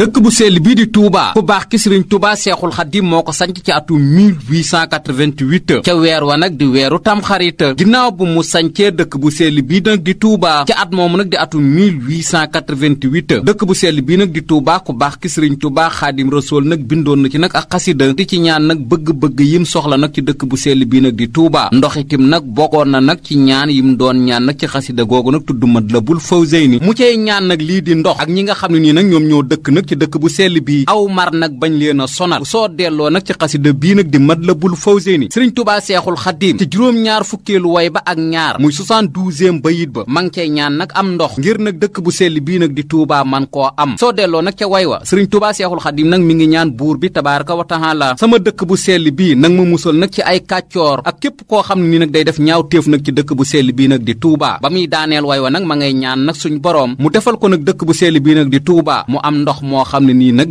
dëkk bu sell bii di Touba ku baax ki Sëriñ Touba Seexul Xadim moo ko sanc ci atum 1888 ca weer wa nag di weeru tamxarit ginnaaw bu mu sancee dëkk bu sell bii nag di Touba ci at moomu nag di atum 1888 dëkk bu sell bii nag di Touba ku baax ki Sëriñ Touba Xaadim Rasuul nag bindoon na ci nag ak xasida di ci ñaan nag bëgg-bëgg yim soxla nag ci dëkk bu sell bii nag di Touba ndox itam nag bokkoon na nag ci ñaan yim doon ñaan nag ci xasida googu nag tudd Matlabul Fawzayni mu cay ñaan nag lii di ndox ak ñi nga xam ne nii nag ñoom ñoo dëkk nag ci dëkk bu sell bii aw mar nag bañ leen a sonal soo delloo nag ci xasida bii nag di Matlabul Fawzeyni sëriñ tubaa seexul xaddiim ci juróom-ñaar fukkeelu way ak ñaar muy 72e bayit ba ma ngi cay ñaan nag am ndox ngir nag dëkk bu sell bii nag di tuubaa man koo am soo delloo nag ca way wa sëriñ tubaa seexul xaddiim nag mi ngi ñaan buur bi ka wa taala sama dëkk bu selli bii nag ma musal nag ci ay kàccoor ak képp koo xam ne ni nag day def ñaaw téef nag ci dëkk bu sell bii nag di tuubaa ba muy daaneel way wa nag ma ngay ñaan nag suñ boroom mu defal ko nag dëkk bu sell bii nag di tuubaa mu am ndox moo xam ne nii nag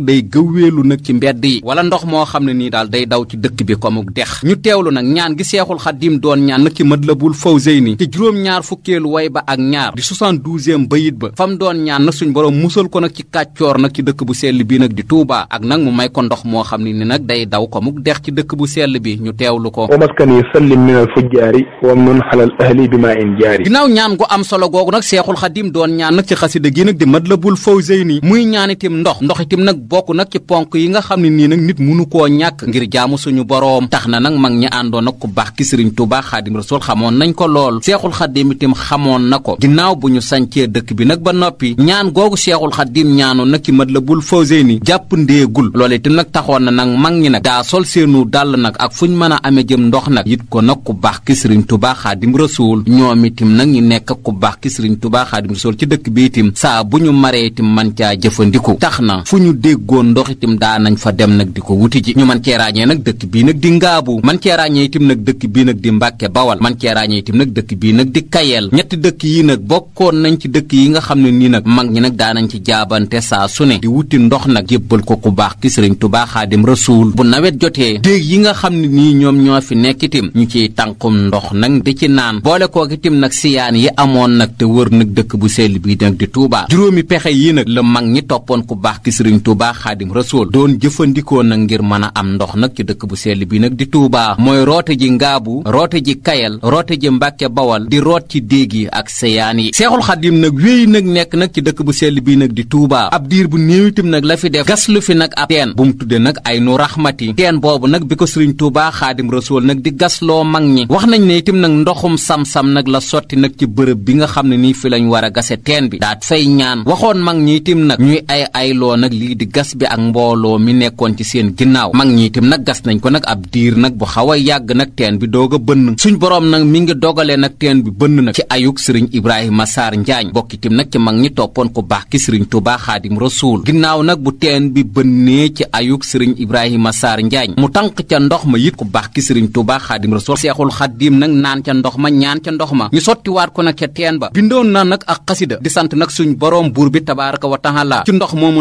xam ne nii daal day daw ci dëkk bi comme dex ñu teewlu nag ñaan gi seexul xaddiim doon ñaan nag ci Matlabul Fawzayni te juróom-ñaar fukkeelu way ba ak ñaar di 72e bayit ba fam doon ñaan nag suñ borom musal ko di Tuubaa ak nag mu may ko ndox moo xam ne ni nag day daw comme dex ci dëkk bu sell bi ñu teewlu ko maskani sallim min al fujjaari wa mun xalal ahli bi maa in jaari ginnaaw ñaan gu am solo googu nag seexul xaddiim doon ñaan nag ci xasida gi nag di Matlabul Fawzayni muy ñaan itam ndox ndox itam nag bokk nag ci ponk yi nga xam ne nii nag nit mënu koo ñàkk ngir jaamu suñu boroom tax na nag mag ñi àndoon ak ku baax ki sëriñ Tuubaa Xaadim Rasuul xamoon nañ ko lool seexul xaddim itam xamoon na ko ginnaaw bu ñu sancee dëkk bi nag ba noppi ñaan googu seexul xaddim ñaanoon nag ci la Matlabul Fawzayni jàpp ndéegul loolu itam nag taxoon na nag mag ñi nag daa sol seenu dàll nag ak fu ñu mën a amee jëm ndox nag yit ko nag ku baax ki sëriñ Tuubaa Xaadim Rasuul ñoom itam nag ñu nekk ku baax ki sëriñ Tuubaa Xaadim Rasuul ci dëkk bi itam saa bu ñu maree itam man caa jëfandiku tax na fu ñu déggoon ndox itam daa fa dem nag di ko wuti ji ñu man cee ràññee nag dëkk bii nag di ngaabu man cee ràññee itam nag dëkk bii nag di mbàkke bawal man cee ràññee itam nag dëkk bii nag di kayeel ñetti dëkk yi nag bokkoon nañ ci dëkk yi nga xam ne nii nag mag ñi nag daanañ ci jaabante saa su ne di wuti ndox nag jébbal ko ku baax ki sëriñ Tuubaa Xaadim Rasuul bu nawet jotee déeg yi nga xam ne nii ñoom ñoo fi nekk itam ñu ciy tànqum ndox nag di ci naan boole kook itam nag siyaan yi amoon nag te wër nag dëkk bu sell bii nag baax ki sëriñ Touba xaadim rasool doon a am ndox nag dëkk bu sell bi nag di Touba mooy roote ji ngaabu roote ji kayal roote ji mbàkke bawal di root ci déeg yi ak seyaan yi seexul xadim nag wéy nag nekk nag ci dëkk bu sell bi nag di Touba ab diir bu néew itam nag la fi def gas lu fi nag ab teen bu mu tudde nag ay nu raxmati teen boobu nag bi ko sëriñ Touba xaadim rasool nag di gasloo mag ñi wax nañ ne itam nag ndoxum sam-sam nag la sotti nag ci bërëb bi nga xam ne nii fi lañ war a gase teen bi daat fay ñaan waxoon mag ñi itam nag ñuy ay ay doyloo nag lii di gas bi ak mbooloo mi nekkoon ci seen ginnaaw mag ñi itam nag gas nañ ko nag ab diir nag bu xaw a yàgg nag teen bi doog a bënn suñ boroom nag mi ngi dogalee nag teen bi bënn nag ci ayuk sëriñ Ibrahima Sarr Njaañ bokk itam nag ci mag ñi toppoon ko baax ki sëriñ Tuubaa Xaadim Rasuul ginnaaw nag bu teen bi bënnee ci ayuk sëriñ Ibrahima Sarr Njaañ mu tànq ca ndox ma it ku baax ki sëriñ Tuubaa Xaadim Rasuul Seexul Xaadim nag naan ca ndox ma ñaan ca ndox ma sottiwaat ko nag ca teen bindoon na nag ak nag suñ boroom buur bi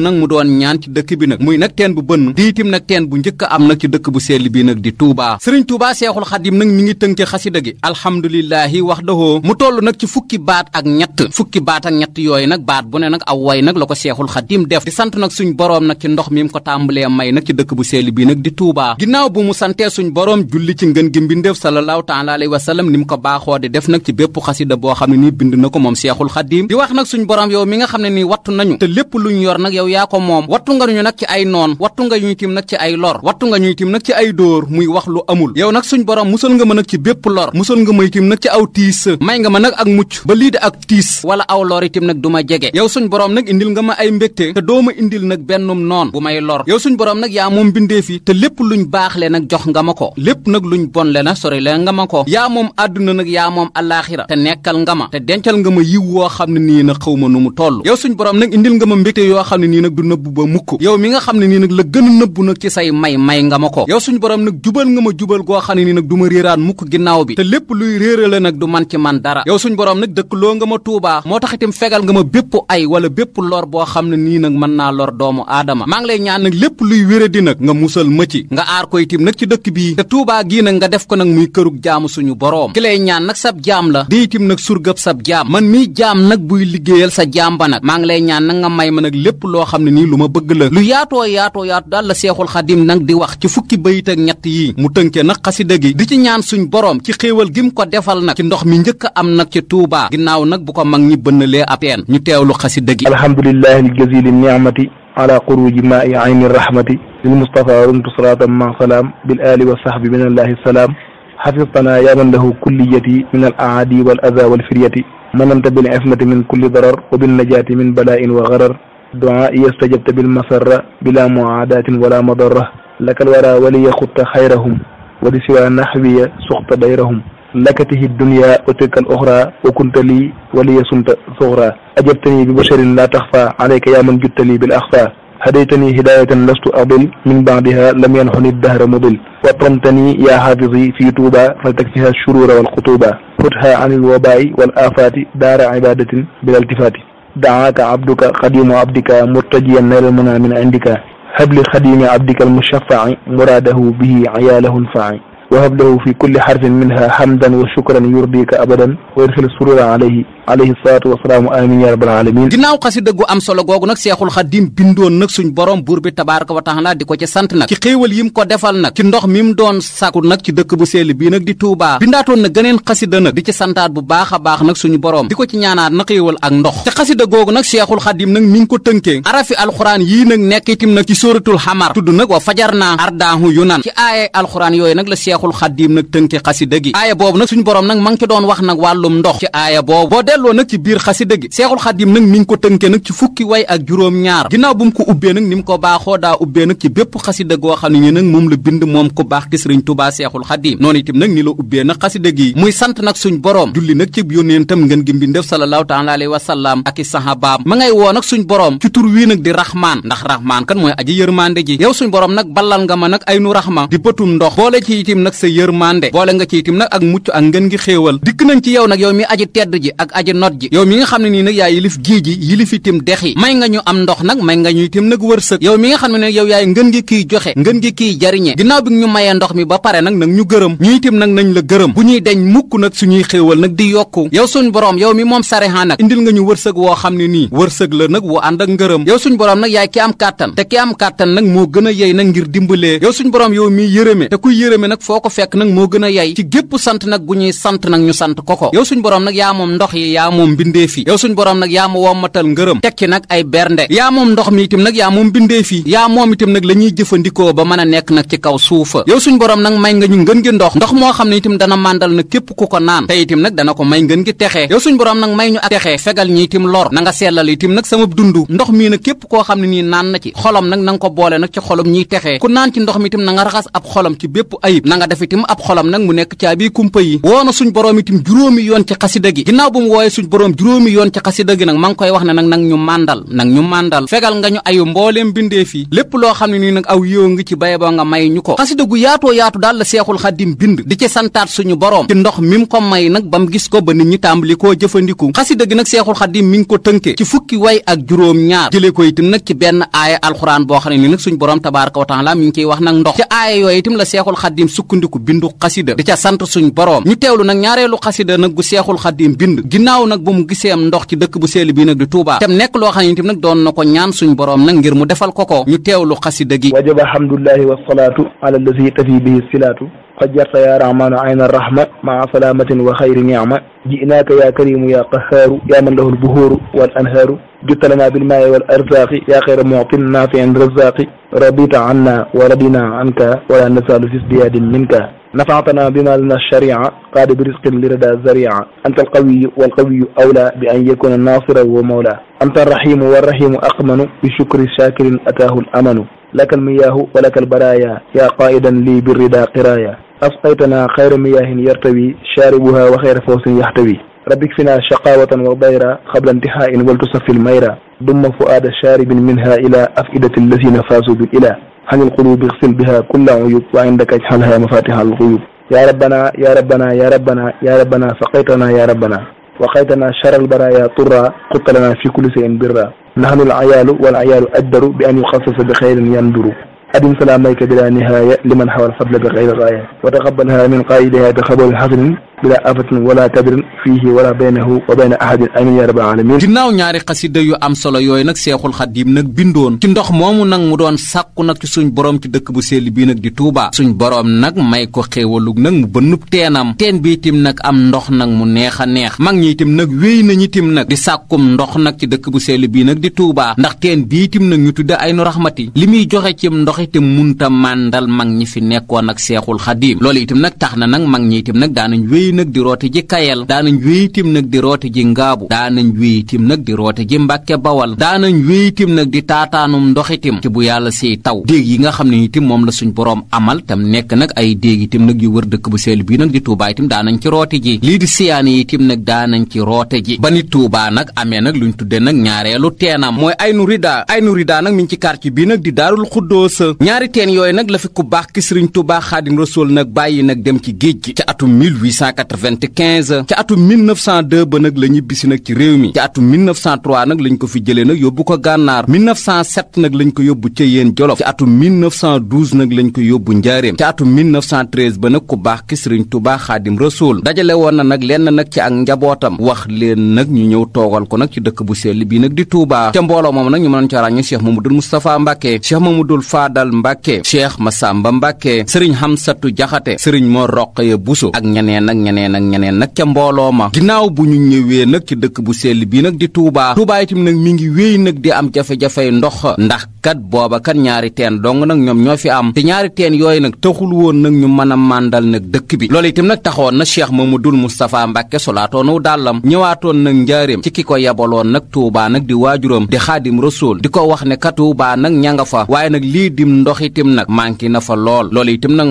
nag mu doon ñaan ci dëkk bi nag muy nag teen bu bënn di a am nag ci dëkk bu sell bi Seexul Xadim nag mi ngi tënke xasida gi alhamdulillahi wahdahu mu toll nag ci fukki baat ak ñett fukki baat ak ñett yooyu nag baat bu ne nag aw way nag la ko Seexul Xadim def di sant nag suñ boroom nag ci ndox mi mu ko tàmbalee may nag ci dëkk bu sell bi nag di Touba ginnaaw bu mu santee suñ boroom julli ci ngën gi mbindeef sallallahu taala alayhi ni mu ko baaxoo di def nag ci bépp xasida boo xam ne bind na ko moom Seexul Xadim di wax nag suñ boroom yaa ko moom wattu nga ñu nag ci ay noon wattu nga ñuy tim nag ci ay lor wattu nga ñuy tim ci ay dóor muy wax lu amul yow nag suñ borom musal ma nag may nga ma nag ak mucc ba lii ak tiis wala aw lor itim nag du ma jege yow suñ borom nag indil nga ma ay mbégte te doo ma indil nag bennum noon bu may lor yow suñ borom nag yaa moom bindee fi te lépp luñ baax le nag jox nga ma ko lépp nag luñ bon le na sori le nga ma ko yaa moom àdduna nag yaa moom alaxira te nekkal nga ma te dencal nga ma yiw woo xam ne nii na xaw ma nu mu toll yow suñ borom nag indil nga ma mbégte yoo xam ne nii nag du nëbb ba mukk yow mi nga xam ne nii nag la gën a nëbb nag ci say may may nga ma ko yow suñu borom nag jubal nga ma jubal goo xam ne nii nag du ma réeraan mukk ginnaaw bi te lépp luy réerale nag du man ci man dara yow suñu borom nag dëkk loo nga ma tuubaa moo tax itam fegal nga ma bépp ay wala bépp lor boo xam ne nii nag mën naa lor doomu aadama maa ngi lay ñaan nag lépp luy wéradi nag nga musal ma ci nga aar ko itim nag ci dëkk bii te tuubaa gii la di itim nag surgab sab jaam man miy jaam nag buy liggéeyal xam ne nii lu ma bëgg la lu yaatoo yaatoo yaatu daal la seexul xadim nag di wax ci fukki bayit ak ñett yi mu tënkee nag xasida gi di ci ñaan suñ boroom ci xéewal gi mu ko defal nag ci ndox mi njëkk am nag ci tuubaa ginnaaw nag bu ko mag ñi bënnalee ab teen ñu teewlu xasida gi alhamdulilahi aljazili niamati ala xuruji maa i ayni rahmati lil mustafa rumtu salatan ma salaam bil ali wa sahbi min allahi salaam xafistana yaman lahu kulliyati min al aadi wal aza wal firyati manamta bil ifmati min kulli darar wa bin najaati min balaa wa garar duaa yastajabta bil masarra bila muaadatin wala madarra lakal wara wali yaxutta xayrahum wa di siwa naxwiya suxta dayrahum lakatihi dunya wa tilka al oxra wa kunta lii waliya sunta suxra ajabtani bi basharin la taxfa alayka yaa man juttali bil axfa hadaytani hidayatan lastu adil min baadiha lam yanxuni dahra mudil watramtani yaa xaafisi fii tuuba faltakfiha shurura walxutuba futha an il wabaayi wal afaati daara ibadatin bila iltifaati daaka abduka xadimu abdika murtajiyan nayral muna min indika habli xadimi abdika almushafai muradahu bihi ayaalahu nfaai wa hablahu fi kulli harfin minha hamdan wa shukran yurdika abadan wa idxil surura alayhi amin ya rabbal wa taala di ko ci sant nag ci xéewal yim ko defal nag ci ndox mi mu doon sàkku nag ci dëkk bu sell na gëneen xasida nag di ci santaat bu baax a baax nag suñu borom di ko na xéewal ak ndox ci xasida googu nag seexul xadim nag ko tënkee arafi alxuraan yii nag nekk itim nag ci sóoratul xamar tudd nag wa fajar naa ardaahu yunan ci aaya alxuraan yooyu nag la seexul xadim nag tënke xasida gi aaya boobu nag suñu borom nag ma ngi ci doon wax nag wàllum ndox ci aaya boobu delloo nag ci biir xasida gi seexul xadim nag mi ngi ko tënkee nag ci fukki way ak juróom-ñaar ginnaaw bu mu ko ubbee nag ni mu ko baaxoo daa ubbee nag ci bépp xasida goo xam ne nag moom la bind moom ku baax ki sëriñ tubaa seexul xadim noonu itam nag ni la ubbee nag xasida gi muy sant nag suñ boroom julli nag ci yónneentam ngeen gi mbindéef sallallahu taala alayhi wa sallam ak i sahabaam ma ngay woo nag suñ boroom ci tur wii nag di raxmaan ndax raxmaan kan mooy ma nag ay nu raxma di bëtum ndox boole ci itim nag sa yërmande boole nga ci itim nag nag yow mi ji not ji yow mi nga xam ne nii nag yaa yilif géej ji yilif itam dex yi may nga ñu am ndox nag may nga ñu itam nag wërsëg yow mi nga xam ne nag yow yaay ngën ngi kiy joxe ngën ngi kiy jariñe ginnaaw bi ñu mayee ndox mi ba pare nag nag ñu gërëm ñu itam nag nañ la gërëm bu ñuy deñ mukk nag suñuy xéewal nag di yokku yow suñu borom yow mi moom sareha nag indil nga ñu wërsëg woo xam ne nii wërsëg la nag wu ànd ak ngërëm yow suñu borom nag yaay ki am kàttan te am kàttan nag moo gën a yey nag ngir dimbalee yow suñ borom yow mi yërëme te kuy yërëme nag foo ko fekk nag moo gën a yey ci gépp sant nag sant nag ñu sant ko ni yaa moom mbindee fi suñ borom nag yaa ma wommatal ngërëm tekki nag ay bernde yaa moom ndox mi itam nag yaa moom mbindee fi la ñuy ba mën a nekk nag ci kaw suufa yow suñ borom nag may nga ñu ngën gi ndox ndox moo xam ne itam dana màndal na képp ku ko naan te itam nag dana ko may ngën gi texee yow suñ borom nag may ñu ak texee fegal ñi itam lor na nga sellal itam nag sama dund ndox mii nag képp koo xam ne nii naan na ci xolam nag na ko boole nag ci xolam ñiy texee ku naan ci mi itam na nga raxas ab xolam ci bépp ayib na nga def itam ab xolam nag mu nekk caabi kumpa yi woona suñ borom itam juróomi yoon ci wooye suñ borom juróomi yoon ci xasida gi nag ma ngi koy wax ne nag nag màndal nag ñu màndal fegal nga ñu ayu mbooleem bindee fii lépp loo xam ne nii nag aw yoo ngi ci baye boo nga may ñu ko xasida gu yaatoo yaatu daal la seexul xadim bind di ci santaat suñu borom ci ndox mi ko may nag ba mu gis ko ba nit ñi tàmbali koo jëfandiku xasida gi nag seexul xadim mi ngi ko tënke ci fukki way ak juróom ñaar jëlee ko itam nag ci benn aaya alxuraan boo xam ne nii nag suñ borom tabaraka wa taala mi ngi ciy wax nag ndox ci aaya yooyu itam la seexul xadim sukkandiku bindu xasida di ca sant suñ borom ñu teewlu nag ñaareelu xasida nag gu seexul xadim bind ginnaaw nag bu mu gisee ndox ci dëkk bu sell bii nag di Touba tem nekk loo xam ne itam nag doon na ko ñaan suñ boroom nag ngir mu defal ko ko ñu teew lu teewlu xasida gi wajaba hamdullahi wasalaatu ala allazi tafi bihi silaatu qad jarta ya rahmanu ayna rahma maa salaamatin wa xayri nicma ji'naaka ya karimu ya qahaaru ya man lahu lbuhuuru wal anhaaru jittalana bilmaa'i wal arzaaqi ya xayra mu'tin naafi'in razzaaqi radita anna wa radina anka wala nasalu fi ziyadin minka نفعتنا بما لنا الشريعة قاد برزق لردى زريعة أنت القوي والقوي أولى بأن يكون الناصر ومولى أنت الرحيم والرحيم أقمن بشكر شاكر أتاه الأمن لك المياه ولك البرايا يا قائدا لي بالردى قرايا asqaytanaa xayra miyaahin yartawi shaaribuha wa xayra fawsin yaxtawi rabbik fina shaqawatan wa dayra xabla intihaain wal tusaffil mayra dumma fuaada shaaribin minha ila afidati allazina faasu bil ila عن القلوب اغسل بها كل عيوب وعندك اجعلها مفاتيح الغيوب يا ربنا يا ربنا يا ربنا يا ربنا سقيتنا يا ربنا وقيتنا شر البرايا طرا قلت لنا في كل شيء برا نحن العيال والعيال أدر بأن يخصص بخير يندر أدم سلاميك بلا نهاية لمن حوى الفضل بغير غاية وتقبلها من قائدها بقبول حسن bila afatin wala tabirin wala baynahu wa bayna ahadin amin ya rabbal alamin ginnaaw ñaari xasida yu am solo yooyu nag seexul xadiim nag bindoon ci ndox moomu nag mu doon sàkku nag ci suñ boroom ci dëkk bu sell bii nag di Tuubaa suñu boroom nag may ko xéewalug nag mu bënnub teenam teen bi itim nag am ndox nag mu neex a neex mag ñi itim nag wéy nañu itim nag di sàkkum ndox nag ci dëkk bu sell bii nag di Tuubaa ndax teen bi nag ñu tudde ay nu raxmati li muy joxe cim ndox itam munta màndal mag ñi fi nekkoon ak seexul xadiim loolu itim nag tax na nag mag ñi nag daanañ wéy nag di rooti ji kayel daanañ wéy tim nag di rooti ji ngaabu daanañ wéy tim nag di rooti ji mbàkke bawal daanañ wéy nag di taataanum ndoxitim ci bu yàlla siy taw déeg yi nga xam ne itim moom la suñ boroom amal tam nekk nag ay déeg itim nag yu wër dëkk bu seel bii nag di tuubaa itim daanañ ci rooti ji lii di siyaani itim nag daanañ ci roote ji ba ni tuubaa nag amee nag luñ tudde nag ñaareelu teenam mooy aynu rida aynu rida nag mi ngi ci quartier bii nag di daarul xuddoosa ñaari teen yooyu nag la fi ku baax ki sëriñ tuubaa xaadim rasool nag bàyyi nag dem ci géej gi ci atum 18 1995 ci atum 1902 ba nag la ñibbisi nag ci réew mi ci atum 1903 nag lañ ko fi jëlee nag yóbbu ko gànnaar 1907 nag lañ ko yóbbu ca yéen jolof ci atum 1912 nag lañ yóbbu njaareem ci atum 1913 ba nag ku baax ki sëriñ Tuubaa Xaadim Rasuul dajale woon na nag lenn nag ci ak njabootam wax nag ñu ñëw toogal ko nag ci dëkk bu sell bii nag di Touba ca mbooloo moom nag ñu mënoon ca ràññee Cheikh Mamadou Moustapha Mbacke Cheikh Mamadou Fadal Mbacke Cheikh Massamba Mbacke sëriñ Hamsatu Jaxate sëriñ Mor Roqaya Buso ak ñeneen ak ñeneen ak ñeneen nag ca mbooloo ma ginnaaw bu ñu ñëwee nag ci dëkk bu sell bii nag di Touba Touba itam nag mi ngi wéy nag di am jafe-jafey ndox ndax kat booba kat ñaari teen dong nag ñoom ñoo fi am te ñaari teen yooyu nag taxul woon nag ñu mën a màndal nag dëkk bi loolu itam nag taxoon na Cheikh Mamadou Moustapha Mbacke solaatoonu dàllam ñëwaatoon nag njaareem ci ki ko yebaloon nag Touba nag di waajuram di xaadim rasul di ko wax ne kat Touba nag ña nga fa waaye nag lii nag manqué na lool loolu itam nag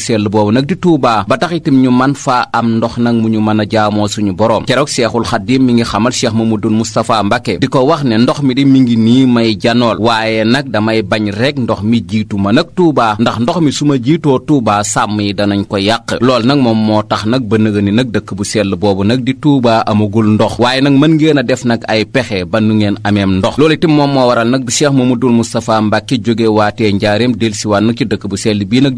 sell boobu nag di Touba ba tax itam ñu man fa am ndox nag mu ñu mën a jaamoo suñu boroom keroog Seexul Xadim mi ngi xamal Cheikh Mamadou Moustapha Mbacke di ko wax ne ndox mi di mi ngi nii may janool waaye nag damay bañ rek ndox mi jiitu ma nag Touba ndax ndox mi su ma jiitoo Touba sàmm yi danañ ko yàq loolu nag moom moo tax nag bënn nëga ni nag dëkk bu sell boobu nag di Touba amagul ndox waaye nag mën ngeen a def nag ay pexe ba nu ngeen ameem ndox loolu moom moo waral nag bi Cheikh Mamadou Moustapha Mbacke jóge waatee njaareem delsiwaat nag ci dëkk bu sell bii nag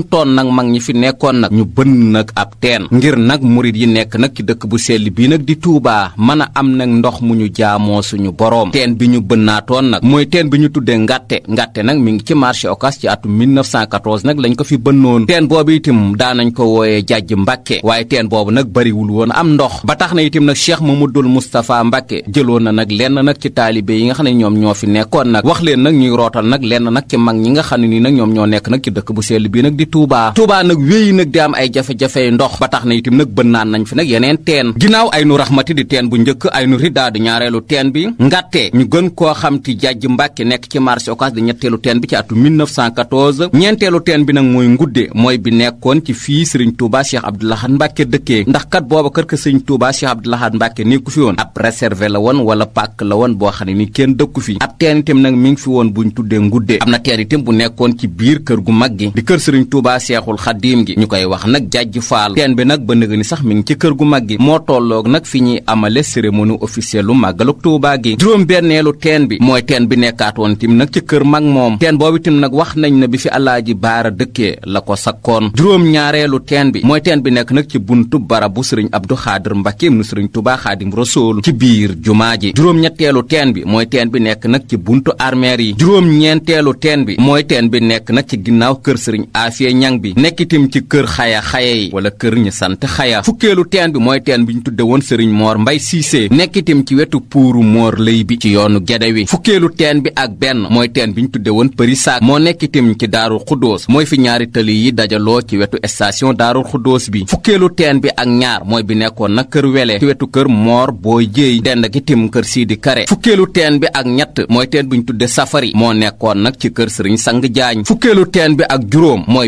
santoon nag mag ñi fi nekkoon nag ñu bënn nag ab teen ngir nag murit yi nekk nag dëkk bu sell bii nag di Tuubaa mën a am nag ndox mu ñu jaamoo suñu boroom teen bi ñu bënnaatoon nag mooy teen bi ñu tuddee ngàtte ngàtte nag mi ngi ci marché Ocass ci atum 1914 nag lañ ko fi bënnoon teen boobu itam daanañ ko wooyee jàjj mbakke waaye teen boobu nag bariwul woon am ndox ba tax na itam nag mu dul mustafaa Mbàkke jëloon na nag lenn nag ci taalibe yi nga xam ne ñoom ñoo fi nekkoon nag wax leen nag ñuy rootal nag lenn nag ci mag ñi nga xam ne nii nag ñoom ñoo nekk nag ci dëkk bu sell bii nag di Touba Touba nag wéyi nag di am ay jafe-jafey ndox ba tax na itam nag bën naan nañ fi nag yeneen teen ginnaaw ay nu raxmati di teen bu njëkk ay nu riddaa di ñaareelu teen bi ngatte ñu gën koo xam ti jajj mbàkke nekk ci marché Ocass di ñetteelu teen bi ci atu 1914 ñeenteelu teen bi nag mooy ngudde mooy bi nekkoon ci fii sëriñ Touba Cheikh Abdoulahad Mbàkke dëkkee ndax kat booba kër ka sëriñ Touba Cheikh Abdoulahad Mbàkke nekku fi woon ab réservé la woon wala pàkk la woon boo xam ne ni kenn dëkku fi ab teen nag mi ngi fi woon buñ tuddee ngudde am na teen itam bu nekkoon ci biir kër gu mag gi kër sëriñ Touba Seexul Xaddiim gi ñu koy wax nag jajj faal teen bi nag ba nëga ni sax mi ngi ci kër gu mag gi moo tolloog nag fi ñuy amale cérémonie officielle lu màggaluk Touba gi juróom-benneelu teen bi mooy teen bi nekkaatoon nag ci kër mag moom teen boobu tim nag wax nañ na bi fi alaaji baara dëkkee la ko sakkoon juróom-ñaareelu teen bi mooy teen bi nekk nag ci buntu barabu sëriñ Abdu Xaadir Mbàkke nu sëriñ Touba Xaadim Rasuul ci biir jumaa ji juróom-ñetteelu teen bi mooy teen bi nekk nag ci buntu armeer yi juróom-ñeenteelu teen bi mooy teen bi nekk nag ci ginnaaw kër sëriñ Afi remercier ñang bi nekk ci kër xaya xaya yi wala kër ñu sant xaya fukkeelu teen bi mooy teen bi ñu tudde woon sëriñ moor mbay siisee nekk itam ci wetu puuru moor lëy bi ci yoonu gede wi fukkeelu teen bi ak benn mooy teen bi ñu tudde woon përi saak moo nekk ci daaru xuddoos mooy fi ñaari tëli yi dajaloo ci wetu station daaru xuddoos bi fukkeelu teen bi ak ñaar mooy bi nekkoon nag kër wele ci wetu kër moor boo jéey dend ak itam kër siidi kare fukkeelu teen bi ak ñett mooy teen bi safari moo nekkoon nag ci kër sëriñ sang jaañ fukkeelu bi ak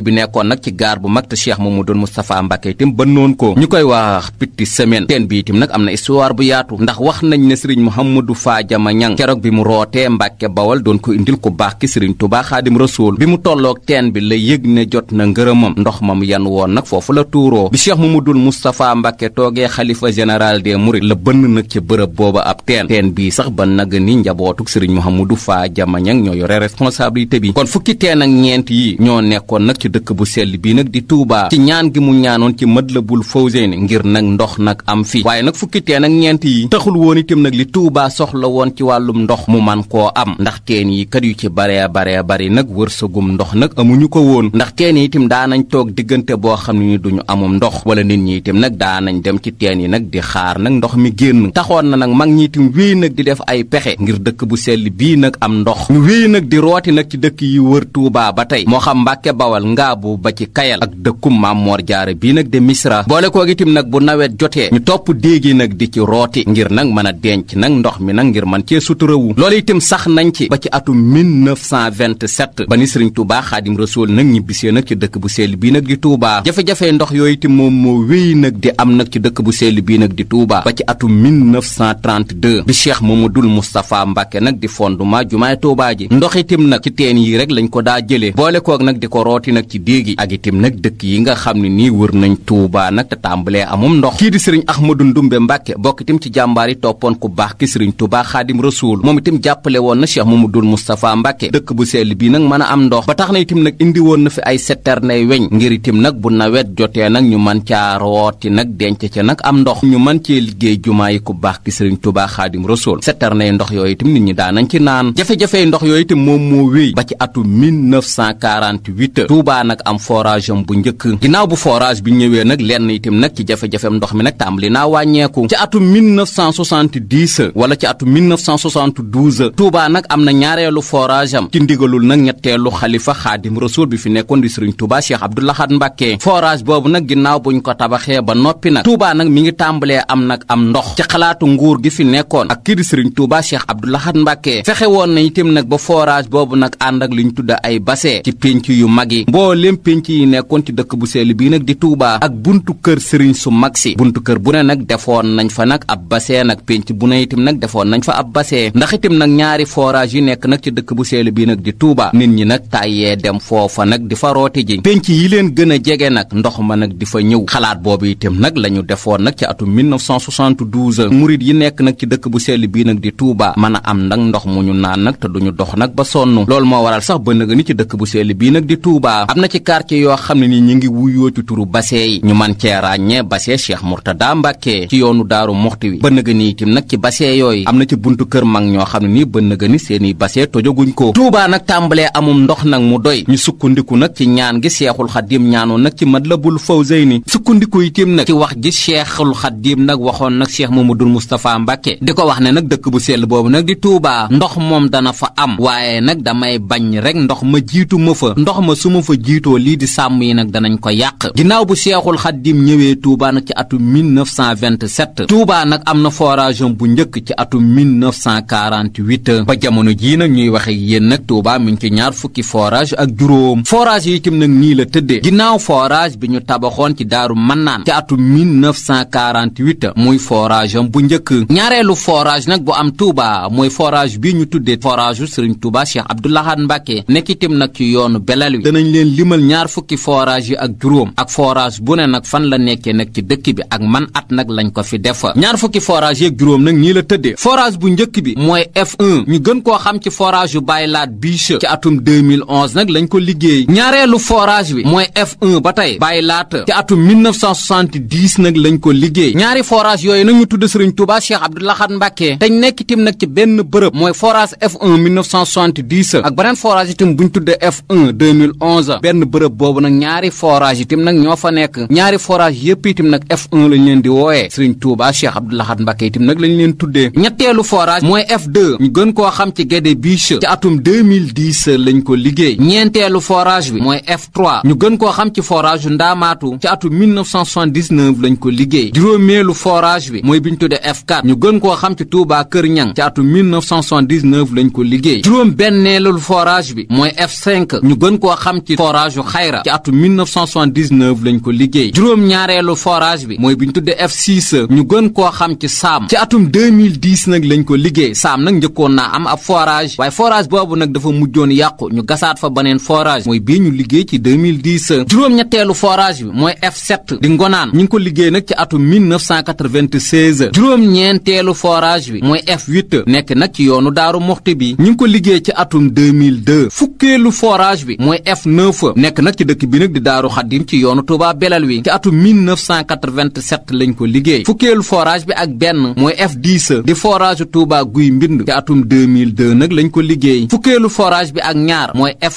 bi nekkoon nag ci gaar bu mag te Cheikh Mamadou Moustapha Mbacké itam ba noon ko ñu koy wax pitti semaine teen bi itam nag am na histoire bu yaatu ndax wax nañ ne sëriñ Mouhamadou Fadiama Niang keroog bi mu rootee Mbacké Bawal doon ko indil ko baax ki sëriñ Touba Xaadim Rasuul bi mu tolloog teen bi la yëg ne jot na ngërëmam ndox mam yan woon nag foofu la tuuroo bi Cheikh Mamadou Moustapha Mbacké toogee xalifa général des Mourides la bënn nag ca bërëb booba ab teen bii sax ba nag ni njabootuk sëriñ Mouhamadou Fadiama Niang ñoo yore responsabilité bi kon fukki teen dëkk bu sell bii nag di Touba ci ñaan gi mu ñaanoon ci la Matlabul Fawzeyni ngir nag ndox nag am fii waaye nag fukki teen ak ñeent yi taxul woon itam nag li tuubaa soxla woon ci wàllum ndox mu man koo am ndax teen yi kat yu ci baree baree bari nag wërsëgum ndox nag amuñu ko woon ndax teen yi itam daanañ toog diggante boo xam ne ni duñu amum ndox wala nit ñi itam nag daanañ dem ci teen yi nag di xaar nag ndox mi génn taxoon na nag mag ñi itam wéy nag di def ay pexe ngir dëkk bu sell bii nag am ndox nag di rooti nag ci dëkk yi wër Touba ba tey moo xam Mbàkke Bawal ngaabu ba ci kayal ak dëkkum maam moor jaare bii nag de misra boole koo itam nag bu nawet jotee ñu topp déegi nag di ci rooti ngir nag mën a denc nag ndox mi nag ngir man cee suturawu loolu itam sax nañ ci ba ci atum ba ni sëriñ Tuubaa Xaadim Rasuul nag ñibbisee nag ci dëkk bu sell bii nag di Tuubaa jafe-jafe ndox yooyu itam moom moo wéy nag di am nag ci dëkk bu sell bii nag di Tuubaa ba ci atum 1932 bi Cheikh Mamadul Moustapha Mbàkke nag di fondement jumaay Tuubaa ji ndox itam nag ci déegi ak itim nag dëkk yi nga xam ne nii wër nañ Tuubaa nag te tàmbalee amum ndox kii di sëriñ Ahmadu Ndumbe Mbàkke bokk itam ci jàmbaar yi toppoon ku baax ki sëriñ Tuubaa Xaadim Rasuul moom itam jàppale woon na Cheikh Mamadul Moustapha Mbàkke dëkk bu sell bii nag mën a am ndox ba tax na itim nag indi woon na fi ay setternay weñ ngir itim nag bu nawet jotee nag ñu man caa rooti nag denc ci nag am ndox ñu mën cee liggéey jumaa yi ku baax ki sëriñ Tuubaa Xaadim Rasuul setternay ndox yooyu itam nit ndox yooyu itam moom moo wéy ba ci atu 1948 Tuubaa Touba nag am forage am bu njëkk ginnaaw bu forage bi ñëwee nag lenn itam nag ci jafe-jafem ndox mi nag tàmbali naa wàññeeku ci atum 1970 wala ci atum 1972 Touba nag am na ñaareelu forage am ci ndigalul nag ñetteelu xalifa xaadim rasul bi fi nekkoon di Serigne Touba Cheikh Abdou Lahad Mbacké forage boobu nag ginnaaw bu ñu ko tabaxee ba noppi nag Touba nag mi ngi tàmbalee am nag am ndox ci xalaatu nguur gi fi nekkoon ak kii di Serigne Touba Cheikh Abdou Lahad Mbacké fexe woon na itam nag ba forage boobu nag ànd ak liñ tudda ay bassin ci yu mag yi mbooleem pénc yi nekkoon ci dëkk bu sell bii nag di Touba ak buntu kër sëriñ su mag si buntu kër bu ne nag defoon nañ fa nag ab bassin nag pénc bu ne itam nag defoon nañ fa ab bassin ndax itam nag ñaari forage yi nekk nag ci dëkk bu sell bii nag di tuubaa nit ñi nag tàyyee dem foofa nag di fa rooti ji pénc yi leen gën a jege nag ndox ma nag di fa ñëw xalaat boobu itam nag la ñu defoon nag ci atum 1972 murit yi nekk nag ci dëkk bu sell bii nag di Touba mën am nag ndox mu ñu naan nag duñu dox nag ba sonn loolu moo ci dëkk bu sell bii nag di Touba na yoo xam ne ni ñi ngi wuyoo ci turu base yi ñu man cee ràññee base Cheikh Mourtada Mbàkke ci yoonu daaru moxti wi ba nëga ni nag ci base yooyu am na ci buntu kër mag ñoo xam ne nii ba nëga ni seeni base tojoguñ ko Tuubaa nag tàmbalee amum ndox nag mu doy ñu sukkandiku nag ci ñaan gi Seexul Xadiim ñaanoon nag ci mat la bul Matlabul Fawzayni sukkandiku itam nag ci wax ji Seexul Xadiim nag waxoon nag Cheikh Mamadou Moustapha Mbàkke di ko wax ne nag dëkk bu sell boobu nag di Tuubaa ndox moom dana fa am waaye nag damay bañ rek ndox ma jiitu ma fa ndox ma su ma fa jiitoo lii di sàmm yi nag danañ ko yàq ginnaaw bu seexul xaddim ñëwee Touba nag ci atum 1927 Touba nag am na forage bu njëkk ci atum 1948 ba jamono jii nag ñuy waxe yéen nag Touba mi ngi ci ñaar fukki forage ak juróom forage yi itam nag nii la tëddee ginnaaw forage bi ñu tabaxoon ci daaru mannaan ci atum 1948 muy forage am bu njëkk ñaareelu forage nag bu am Touba mooy forage bii ñu tuddee forage u Serigne Touba Cheikh Abdoul Ahad Mbacké nekk itam nag ci yoonu belal wi danañ leen limal ñaar fukki forage yi ak juróom ak forage bu ne nag fan la nekkee nag ci dëkk bi ak man at nag lañ ko fi def ñaar fukki forage yi ak juróom nag nii la tëddee forage bu njëkk bi mooy F1 ñu gën koo xam ci forage yu Baylaat Biche ci atum 2011 nag lañ ko liggéey ñaareelu forage bi mooy F1 ba tey Baylaat ci atum 1970 nag lañ ko liggéey ñaari forage yooyu nag ñu tudd Serigne Touba Cheikh Abdou Lahad Mbacké teñ nekk tim nag ci benn bërëb mooy forage F1 1970 ak beneen forage itam buñ tuddee F1 2011 benn bërëb boobu nag ñaari forage itam nag ñoo fa nekk ñaari forage yépp itam nag F1 lañ leen di wooyee Serigne Touba Cheikh Abdou Lahad Mbacké itam nag lañ leen tuddee ñetteelu forage mooy f ñu gën koo xam ci Guédé Biche ci atum 2010 lañ ko liggéey ñeenteelu forage bi mooy f ñu gën koo xam ci forage yu Ndaamaatu ci atum 1979 lañ ko liggéey juróomeelu forage bi mooy bi ñu tuddee F4 ñu gën koo xam ci Touba Kër Ñang ci atum 1979 lañ ko liggéey juróom benneelu forage bi mooy f ñu gën koo xam ci forage yu xayra ci atu 1979 lañ ko liggéey juróom-ñaareelu forage bi mooy bi ñu tudde F6 ñu gën koo xam ci saam ci atum 2010 nag lañ ko liggéey saam nag njëkkoon naa am ci 2010 juróom-ñetteelu forage bi mooy F7 di ko liggéey nag ci atum 1996 juróom-ñeenteelu forage bi mooy F8 nekk nag ci yoonu daaru moxti bi ñu ngi ko liggéey ci atum 2002 fukkeelu forage bi mooy F9 fa nekk nag ci dëkk bi nag di daaru xaddim ci yoonu Touba belal wi ci atu 1987 lañ ko liggéey fukkeelu forage bi ak benn mooy F10 di forage Touba guy mbind ci atum 2002 nag lañ ko liggéey fukkeelu forage bi ak ñaar mooy f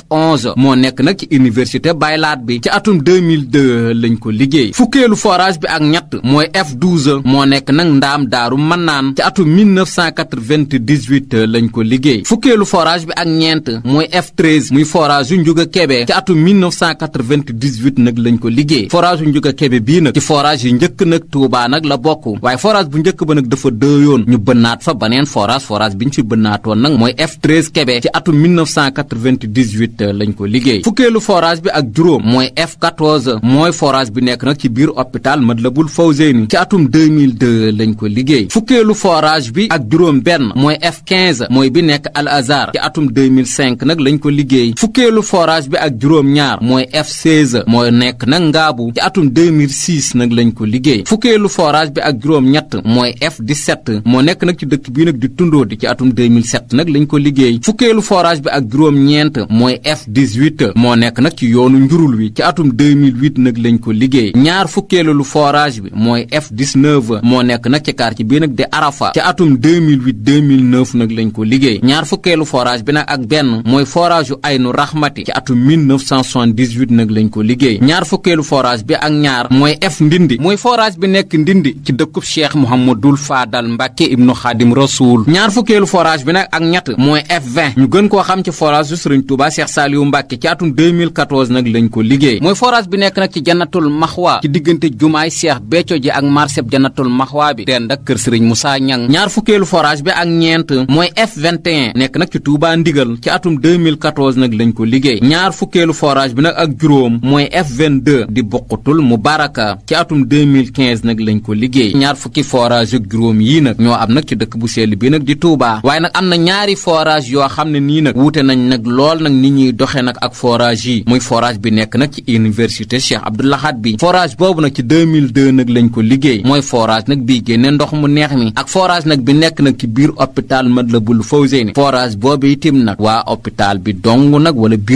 moo nekk nag ci université baylaat bi ci atum 2002 lañ ko liggéey fukkeelu forage bi ak ñett mooy F12 moo nekk nag ndaam daaru mannaan ci atum 1998 lañ ko liggéey fukkeelu forage bi ak ñeent mooy f muy forage yu njuga Kébé ci atum 1998 nag lañ ko liggéey forage bu njëkk a Kébé bii nag ci forage yi njëkk nag Touba nag la bokk waaye forage bu njëkk ba nag dafa dëyoon ñu bënnaat fa baneen forage forage bi ñu ci bënnaatoon nag mooy F13 Kébé ci atum 1998 lañ ko liggéey fukkeelu forage bi ak juróom mooy F14 mooy forage bi nekk nag ci biir hôpital Matlaboul Fawzeyni ci atum 2002 lañ ko liggéey fukkeelu forage bi ak juróom benn mooy F15 mooy bi nekk Al Azhar ci atum 2005 nag lañ ko liggéey fukkeelu forage bi ak juróom juróom-ñaar mooy F16 mooy nekk nag ngaabu ci atum 2006 nag lañ ko liggéey fukkeelu forage bi ak juróom-ñett mooy F17 moo nekk nag ci dëkk bii nag di tundoo di ci atum 2007 nag lañ ko liggéey fukkeelu forage bi ak juróom-ñeent mooy F18 moo nekk nag ci yoonu njurul wi ci atum 2008 nag lañ ko liggéey ñaar fukkeelu lu forage bi mooy F19 moo nekk nag ci quartier bii nag di Arafa ci atum 2008 2009 nag lañ ko liggéey ñaar fukkeelu forage bi nag ak benn mooy forage yu Aynu Rahmati ci atum 1900 1978 nag lañ ko liggéey ñaar fukkeelu forage bi ak ñaar mooy F ndindi mooy forage bi nekk ndindi ci dëkkub Cheikh Mouhamadul Fadal Mbacke ibnu Xaadim Rasoul ñaar fukkeelu forage bi nag ak ñett mooy F20 koo xam ci forage su Touba Cheikh Saliou Mbacke ci atum 2014 nag lañ ko liggéey mooy forage bi nekk nag ci Jannatul Maxwa ci diggante jumaay Cheikh Béthio ji ak marché Jannatul Maxwa bi dend ak kër Sëriñ Moussa Ñang ñaar fukkeelu forage bi ak ñeent mooy F21 nekk nag ci Touba Ndigal ci atum 2014 nag lañ ko liggéey ñaar fukkeelu forage bi nag ak juróom mooy F22 di bokkutul mu baraka ci atum nag lañ ko liggéey ñaar fukki forage ak juróom yii nag ñoo am nag ci dëkk bu sell bi nag di Touba waaye nag am na ñaari forage yoo xam ne nii nag wute nañ nag lool nag nit ñuy doxe nag ak forage yi muy forage bi nekk nag ci université Cheikh Abdou bi forage boobu nag ci 2002 nag lañ ko liggéey mooy forage nag bii génne ndox mu neex mi ak forage nag bi nekk nag ci biir hôpital Matlaboul Fawzeyni forage boobu itim nag waa hôpital bi dong nag wala bi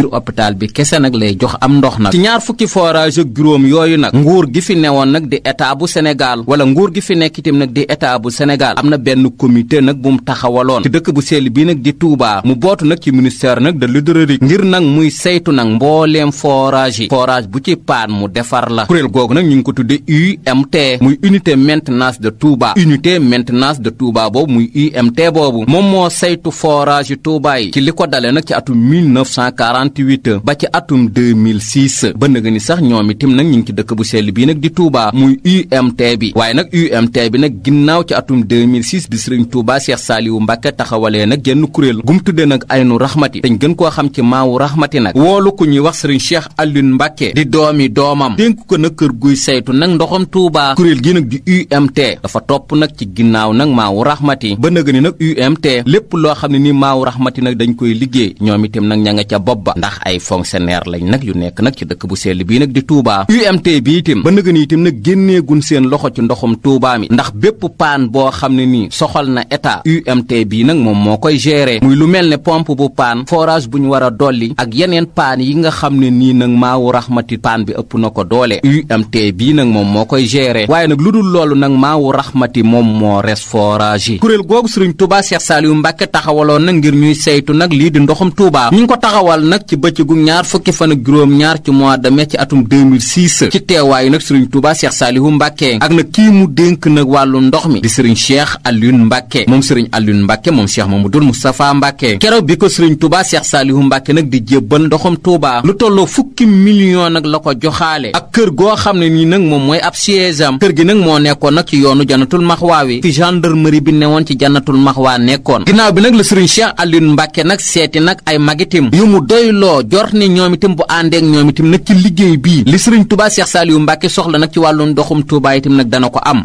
kese lay jox am ndox nag ci ñaar fukki forage ak juróom yooyu nag nguur gi fi newoon nag di état bu Sénégal wala nguur gi fi nekk itam nag di état bu Sénégal am na benn comité nag bu mu taxawaloon ci dëkk bu sell bi nag di tuubaa mu bootu nag ci ministère nag de l'hydraulique ngir nag muy saytu nag mbooleem forage yi forage bu ci paan mu defar la kuréel googu nag ñu ngi ko tudde UMT muy unité maintenance de Touba unité maintenance de Touba boobu muy UMT boobu moom moo saytu forage yi yi ci li ko dale nag ci atum 1948 ba ci atum 2006 ba nga ni sax ñoom itam nag ñu ngi ci dëkk bu sell bii nag di Touba muy UMT bi waaye nag UMT bi nag ginnaaw ci atum 2006 bi Sëriñ Touba Cheikh Saliou Mbacke taxawalee nag genn kuréel gum tuddee nag aynu raxmati dañ gën koo xam ci maawu raxmati nag woolu ku ñuy wax Sëriñ Cheikh Alioune Mbacke di doomi doomam dénk ko nag kër guy saytu nag ndoxam Touba kuréel gi nag di UMT dafa topp nag ci ginnaaw nag maawu raxmati ba nga ni nag UMT lépp loo xam ne ni maawu raxmati nag dañ koy liggéey fonctionnaire lañ nag yu nekk nag ci dëkk bu sell bii nag di Touba UMT bi itim ba nëgën itim nag génneegun seen loxo ci ndoxum Touba mi ndax bépp paan boo xam ne nii soxal na état UMT bii nag moom moo koy gérer muy lu mel ne pomp bu paan forage bu ñu war a dolli ak yeneen paan yi nga xam ne nii nag maawu raxmati paan bi ëpp na ko doole UMT bii nag moom moo koy gérer waaye nag lu dul loolu nag maawu raxmati moom moo res forage yi kuréel googu Sëriñ Touba fukki fan ak juróom-ñaar ci mois de mai ci atum 2006 ci teewaayu nag sëriñ Touba Cheikh Salihu Mbacke ak nag kii mu dénk nag wàllu ndox mi di sëriñ Cheikh Alioune Mbacke moom keroog bi ko sëriñ Touba Cheikh Salihu Mbacke nag di jébbal ndoxum Touba lu tolloo fukki million nag la ko joxaale ak kër goo xam ni nii nag moom mooy ab siège am kër gi nag moo nekkoon nag ci yoonu jannatul maxwaa wi fi gendarmerie bi newoon ci jannatul maxwaa nekkoon ginnaaw bi nag la sëriñ Cheikh Alioune Mbacke nag seeti nag ay magitim yu mu doyloo jort ni ñoom ñoom itam bu àndeek ñoom itam nag ci liggéey bii li sëriñ Tuubaa Seex Saaliyu Mbàkke soxla nag ci wàllu ndoxum Tuubaa itam nag dana ko am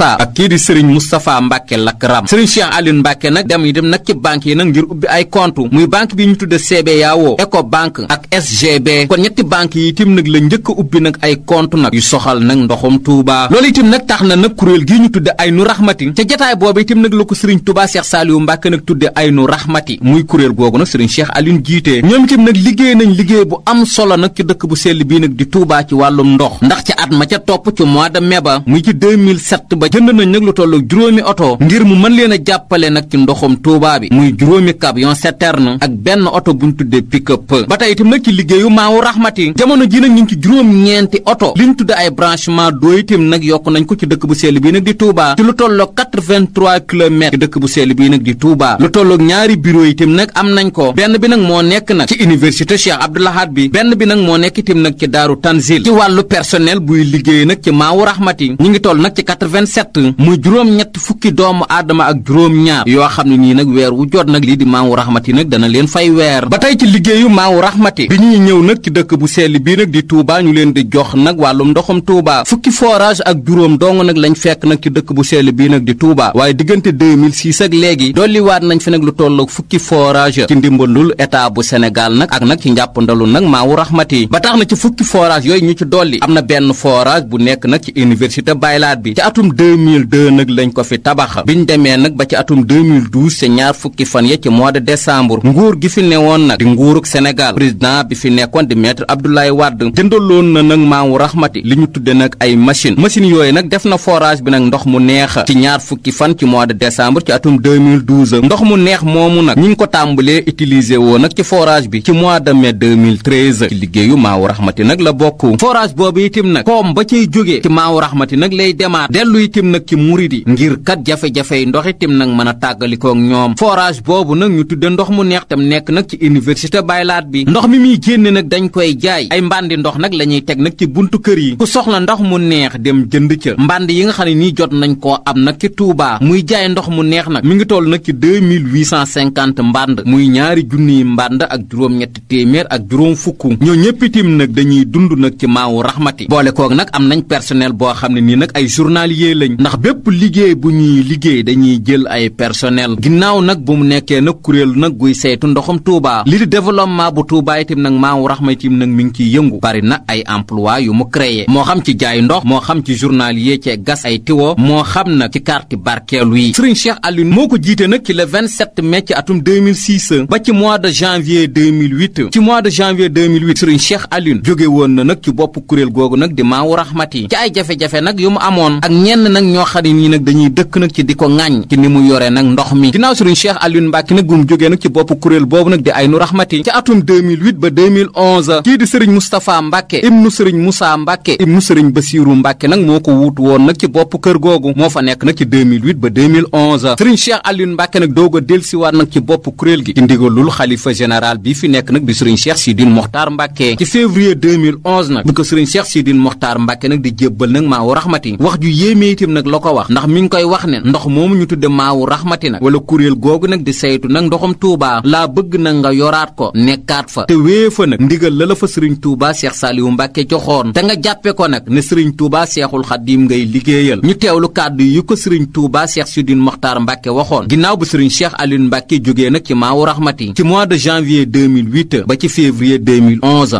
ak kii di sëriñ Mustapha Mbàkke Lakram sëriñ Cheikh Alioune Mbàkke nag dem itam nag ci banque yi nag ngir ubbi ay compte muy banque bi ñu tudde CBAO Ecobank ak SGB kon ñetti banque yi itam nag la njëkk a ubbi nag ay compte nag yu soxal nag ndoxum Tuubaa loolu itam nag tax na nag kuréel gii ñu tudde ay nu raxmati ca jataay boobu itam nag la ko sëriñ Tuubaa Cheikh Saliou Mbacke nag tudde Aynu Rahmati muy kuréel googu nag Serigne Cheikh Alioune jiite ñoom itam nag liggéey nañ liggéey bu am solo nag ci dëkk bu sell bii nag di Touba ci wàllum ndox ndax ci at ma ca topp ci mois de mai ba muy ci 2007 ba jënd nañ nag lu tollu juróomi oto ngir mu mën leen a jàppale nag ci ndoxum Touba bi muy juróomi camion citerne ak benn oto buñ tuddee pick ba tey itam nag ci liggéeyu Maawu Rahmati jamono ji nag ñu ci juróom-ñeenti oto liñ tudde ay branchement doo itam nag yokk nañ ko ci dëkk bu sell bii nag di dëkk sell bii nag di Touba lu tolloog ñaari bureau itam nag am nañ ko benn bi nag moo nekk nag ci université Cheikh Abdou Lahad bi benn bi nag moo nekk itam nag ci Daaru Tanzil ci wàllu personnel buy liggéey nag ci Maawu Rahmati ñi ngi toll nag ci 87 muy juróom-ñett fukki doomu aadama ak juróom-ñaar yoo xam ne nii nag weer wu jot nag lii di Maawu Rahmati nag dana leen fay weer ba tey ci liggéeyu Maawu Rahmati bi ñuy ñëw nag ci dëkk bu sell bii nag di Touba ñu leen di jox nag wàllum ndoxum Touba fukki forage ak juróom dong nag lañ fekk nag ci dëkk bu sell bii nag di Touba 2010 ak léegi dolliwaat nañ fi nag lu tolloog fukki forage ci ndimbalul état bu Sénégal nag ak nag ci njàppandalu nag Maawu Rahmati ba tax na ci fukki forage yooyu ñu ci dolli am na benn forage bu nekk nag ci université Baylaat bi ci atum 2002 nag lañ ko fi tabax ñu demee nag ba ci atum 2012 ca ñaar fukki fan ya ci mois de décembre nguur gi fi newoon nag di nguuruk Sénégal président bi fi nekkoon di maître Abdoulaye Wade jëndaloon na nag Maawu Rahmati li ñu tudde nag ay machine machine yooyu nag def na forage bi nag mu neex fan mois de décembre atum 2012 ndox mu neex moomu nag ñi ngi ko tàmbalee utiliser woo nag ci forage bi ci mois de mai 2013 ci liggéeyu maawu raxmati nag la bokk forage boobu itim nag koom ba cay jógee ci maawu raxmati nag lay demaat dellu itim nag ci murid yi ngir kat jafe-jafey ndox itim nag mën a tàggalikook ñoom forage boobu nag ñu tudde ndox mu neex tam nekk nag ci université baylaat bi ndox mi muy génne nag dañ koy jaay ay mbàndi ndox nag la ñuy teg nag ci buntu kër yi ku soxla ndox mu neex dem jënd ca mbànd yi nga xam ne nii jot nag mi ngi toll nag ci 2850 mbànd muy ñaari junniy mbànd ak juróom-ñetti téeméer ak juróom fukk ñoo ñëpp itim nag dañuy dund nag ci maawu raxmati boole koog nag am nañ personnel boo xam ne nii nag ay journalier lañ ndax bépp liggéey bu ñuy liggéey dañuy jël ay personnel ginnaaw nag bu mu nekkee nag kuréelu nag guy saytu ndoxum Touba li di développement bu Touba itim nag maawu raxmati itim nag mi ngi ciy yëngu bari na ay emploi yu mu créé moo xam ci jaay ndox moo xam ci journalier cee gas ay tiwo moo xam nag ci carte barkeelu yi moo ko jiite nag ci le 27 mai ci atum 2006 ba ci mois de janvier 2008 ci mois de janvier 2008 sëriñ Cheikh Alioune jóge woon na nag ci bopp kuréel googu nag di Maawu Rahmati ci ay jafe-jafe nag yu mu amoon ak ñenn nag ñoo xam ne nii nag dañuy dëkk nag ci di ko ŋàññ ci ni mu yore nag ndox mi ginnaaw sëriñ Cheikh Alioune Mbacke nag bu mu jógee nag ci bopp kuréel boobu nag di Aynu Rahmati ci atum 2008 ba 2011 kii di sëriñ Moustapha Mbacke ibnu sëriñ Moussa Mbacke ibnu sëriñ Bassirou Mbacke nag moo ko wuutu woon nag ci bopp kër googu moo fa nekk nag ci 2008 ba 2011 Cheikh Alioune Mbacke nag doog a dellusiwaat nag ci bopp kuréel gi ci ndigalul xalifa général bi fi nekk nag bi sëriñ Cheikh Sidine Mokhtar Mbacke ci février 2011 nag bi ko sëriñ Cheikh Sidine Mokhtar Mbacke nag di jébbal nag maawu raxmati wax ju yéemee nag la ko wax ndax mi ngi koy wax ne ndox moomu ñu tudde maawu raxmati nag wala kuréel googu nag di saytu nag ndoxam Touba laa bëgg nag nga yoraat ko nekkaat fa te wée a nag ndigal la la fa sëriñ Touba Cheikh Saliou Mbacke joxoon te nga jàppe ko nag ne sëriñ Touba Cheikhul Khadim ngay liggéeyal ñu teewlu kàddu yu ko sëriñ Touba Cheikh Sidine Mokhtar Mbacke Mbacke waxoon ginnaaw ba sëriñ Cheikh Aliou Mbacke jógee nag ci Maawu Rahmati ci mois janvier ba ci février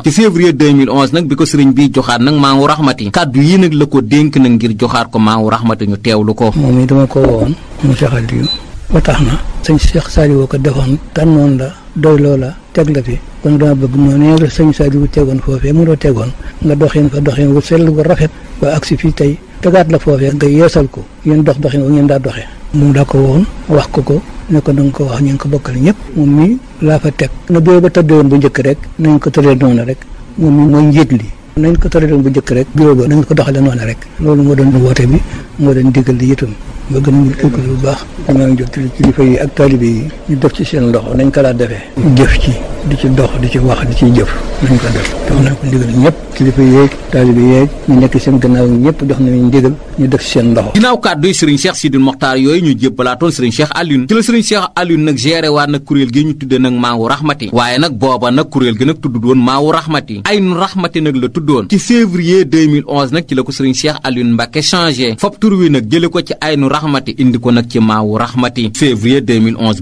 ci février nag bi ko sëriñ bi joxaat nag Maawu Rahmati kàddu yi nag la ko dénk nag ngir joxaat ko Maawu Rahmati ñu teewlu ko. moom it dama ko woon mu Cheikh Aliou ba tax na. sëñ Cheikh Saliou ko defoon tànnoon la. doy loola teg la fi kon dama bëgg noonu la sëñ Saaliwu tegoon foofee mu la tegoon nga doxin fa doxin wu sell wu rafet ba agsi fii tey tegaat la foofee nga yeesal ko ngeen dox doxin wu ngeen daa doxee moom daa ko woon wax ko ko ne na danga ko wax ñu ngi ko bokkal ñëpp moom mi laa fa teg na bureau ba tëddewoon bu njëkk rek nañ ko tëddee noonu rek moom mi mooy njiit li nañ ko tëddewoon bu njëkk rek bureau ba nañ ko doxale noonu rek loolu moo doon woote bi moo doon diggal li itam ba gën bu baax danañ jot kilifa ak taalibe yi ñu def ci seen loxo nañ ko daa defee jëf ci di ci dox di ci wax di ci jëf nañ ñëpp kilifa yeeg taalibe yeeg ñu nekk seen gannaaw ñëpp ñu def ci seen loxo ginnaaw kàddu Serigne Cheikh Sidil Mokhtar yooyu ñu jébbalaatoon Serigne Cheikh Alioune ci la Serigne Cheikh Alioune nag géré waat nag kuréel gi ñu tudde nag Maawu Rahmati waaye nag booba nag kuréel gi nag tudd doon Maawu Rahmati Aynu Rahmati nag la tuddoon ci février 2011 nag ci la ko Serigne Cheikh Alioune Mbacké changé fop tur wi nag jële ko ci Aynu rahmati indi ko nag ci maawu rahmati février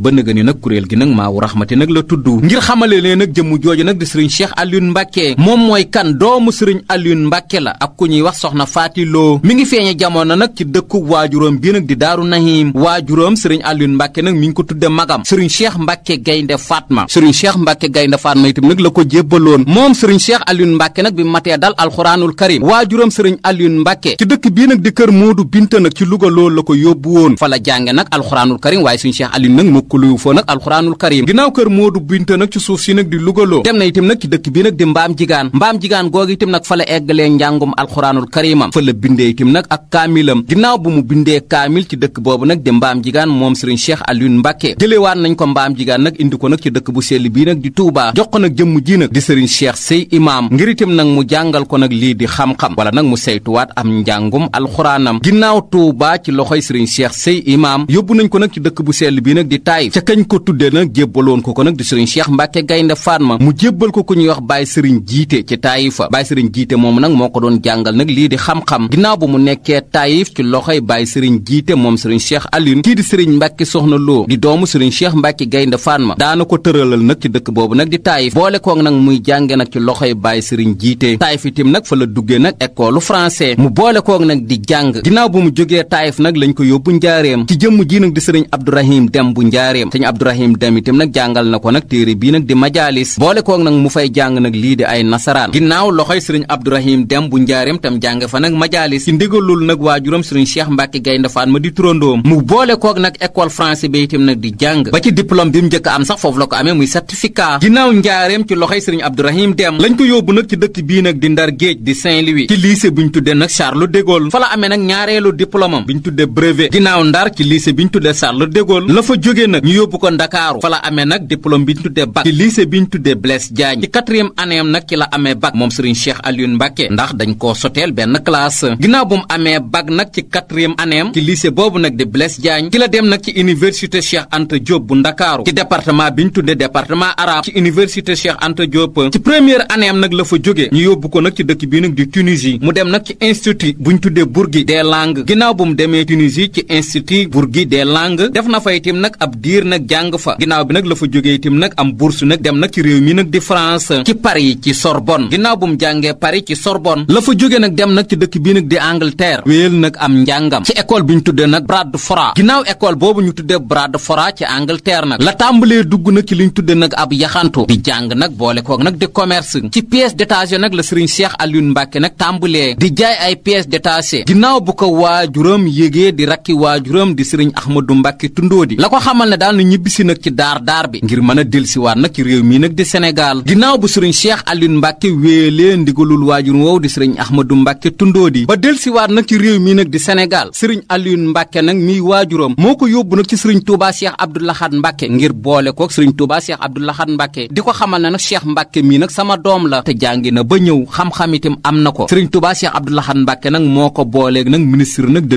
ba nëga ni nag kuréel gi nag maawu rahmati nag la tudd ngir xamale leen nag jëmm jooju nag di sëriñ Cheikh Alioune Mbacke moom mooy kan doomu sëriñ Alioune Mbacke la ak ku ñuy wax soxna Faati Lo mi ngi feeñe jamono nag ci dëkku waajuróom bii nag di Daaru Nahim waajuróom sëriñ Alioune Mbacke nag mi ngi ko tudde magam sëriñ Cheikh Mbacke Gaynde Fatma sëriñ Cheikh Mbacke Gaynde Fatma itam nag la ko jébbaloon moom sëriñ Cheikh Alioune Mbacke nag bi matee dal alxuraanul karim waajuróom sëriñ Alioune Mbacke ci dëkk bii nag di yóbbu woon fa la jànge nag alxuraanul karim waaye suñu cheikh ali nag mokkaliwu foo nag alxuraanul karim ginnaaw kër moodu binta nag ci suuf si di lugaloo dem na itam nag ci dëkk bi nag di mbaam jigaan mbaam jigaan googu itam nag fa la njàngum alxuraanul karimam fa la bindee itam nag ak kaamilam ginnaaw bu mu bindee kaamil ci dëkk boobu nag di mbaam jigaan moom sëriñ cheikh Alioune Mbacke jëlewaat nañ ko mbaam jigaan nag indi ko nag ci dëkk bu sell bii di Touba jox ko nag mu jàngal ko nag lii di xam-xam wala nag mu saytuwaat sëriñ Cheikh Sey imaam yóbbu nañ ko nag ci dëkk bu sell bi nag di Taayif ca kañ ko tudde nag jébbaloon ko ko nag di sëriñ Cheikh Mbacke Gaynde Fatma mu jébbal ko ku ñuy wax Baye sëriñ jiite ci Taayifa Baye sëriñ jiite moom nag moo ko doon jàngal nag lii di xam-xam ginnaaw bu mu nekkee Taayif ci loxoy Baye sëriñ jiite moom sëriñ Cheikh Alioune kii di sëriñ Mbacke Soxna loo di doomu sëriñ Cheikh Mbacke Gaynde Fatma daana ko tëralal nag ci dëkk boobu nag di Taayif boole koog nag muy jànge nag ci loxoy Baye sëriñ jiite Taayif itim nag fa la duggee nag école français mu boole koog jàng ko yóbbu njaareem ci jëmm ji nag di sëriñ Abdourahim Dem bu njaareem sëriñ Abdourahim Dem itam nag jàngal na ko nag téere bii nag di majaalis boole koog nag mu fay jàng nag lii di ay nasaraan ginnaaw loxoy sëriñ Abdourahim Dem bu njaareem tam jàng fa nag majaalis ci ndigalul nag waajuram sëriñ Cheikh Mbacke Gaynde Fatma di turandoom mu boole koog nag école français bi itam nag di jàng ba ci diplôme bi mu njëkk am sax foofu la ko amee muy certificat ginnaaw njaareem ci loxoy sëriñ brevet ginnaaw ndar ci lycée bi ñu tuddee Charles de Gaulle la fa jógee nag ñu yóbbu ko ndakaaru fa amee nag diplôme bi ñu tuddee ci lycée bi ñu tuddee Blaise Diagne ci quatrième année nag ci la amee bac moom Serigne Cheikh Alioune ndax dañ koo soteel benn classe ginnaaw bu mu amee bac nag ci quatrième année am ci lycée boobu nag di Blaise Diagne ci la dem nag ci université Cheikh Anta bu ndakaaru ci département bi ñu tuddee département arabe ci université Cheikh Anta Diop ci première année la fa jógee ñu yóbbu ko nag ci dëkk bii nag di Tunisie mu dem nag ci institut bu philologie ci institut Bourguiba des langues def na fa itam nag ab diir nag jàng fa ginnaaw bi nag la fa jógee itam nag am bourse nag dem nag ci réew mi nag di France ci Paris ci Sorbonne ginnaaw bu mu jàngee Paris ci Sorbonne la fa jógee nag dem nag ci dëkk bii nag di Angleterre wéyal nag am njàngam ci école bi ñu tuddee nag Bradford ginnaaw école boobu ñu tuddee Bradford ci Angleterre nag la tàmbalee dugg nag ci li ñu tuddee nag ab yaxantu di jàng nag boole koog nag di commerce ci pièces détachées nag la Serigne Cheikh Alioune Mbacke nag rakki waajuram di sëriñ Ahmadou Mbàkke Tundoodi la ko xamal ne daal na ñibbisi nag ci daar daar bi ngir mën a delsiwaat nag ci réew mi nag di Sénégal ginnaaw bu sëriñ Cheikh Alioune Mbàkke wéelee ndigalul waajur woow di sëriñ Ahmadou Mbàkke Tundoodi ba delsiwaat nag ci réew mi nag di Sénégal sëriñ Alioune Mbàkke nag miy waajuram moo ko yóbbu nag ci sëriñ Touba Cheikh Abdou Lahad ngir boole kook sëriñ Touba Cheikh Abdou Lahad Mbàkke di ko xamal ne nag Cheikh Mbàkke mii nag sama doom la te na ba ñëw xam itam am na ko sëriñ Touba Cheikh Abdou Lahad nag moo ko booleeg nag ministre nag de